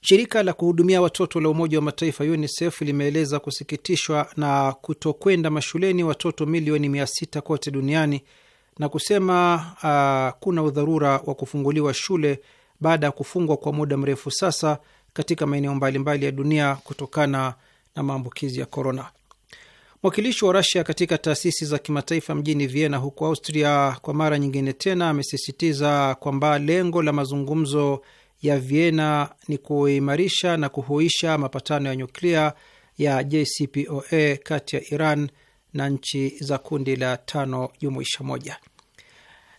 Shirika la kuhudumia watoto la Umoja wa Mataifa UNICEF limeeleza kusikitishwa na kutokwenda mashuleni watoto milioni mia sita kote duniani na kusema uh, kuna udharura wa kufunguliwa shule baada ya kufungwa kwa muda mrefu sasa katika maeneo mbalimbali ya dunia kutokana na maambukizi ya korona. Mwakilishi wa Rasia katika taasisi za kimataifa mjini Vienna huko Austria kwa mara nyingine tena amesisitiza kwamba lengo la mazungumzo ya Vienna ni kuimarisha na kuhuisha mapatano ya nyuklia ya JCPOA kati ya Iran na nchi za kundi la tano jumuisha moja.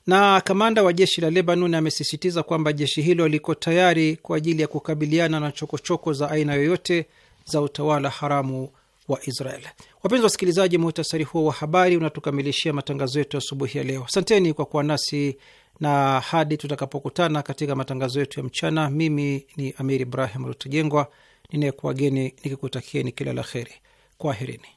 Na kamanda wa jeshi la Lebanon amesisitiza kwamba jeshi hilo liko tayari kwa ajili ya kukabiliana na chokochoko choko za aina yoyote za utawala haramu wa Israel. Wapenzi wasikilizaji, muhtasari huo wa habari unatukamilishia matangazo yetu asubuhi ya leo. Asanteni kwa kuwa nasi na hadi tutakapokutana katika matangazo yetu ya mchana, mimi ni Amir Ibrahim Rutujengwa ninayekuwageni nikikutakieni kila la heri. Kwaherini.